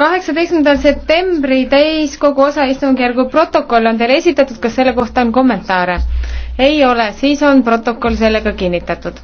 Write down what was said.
kaheksateistkümnendal septembri täiskogu osaistungjärgu protokoll on teile esitatud, kas selle kohta on kommentaare? ei ole, siis on protokoll sellega kinnitatud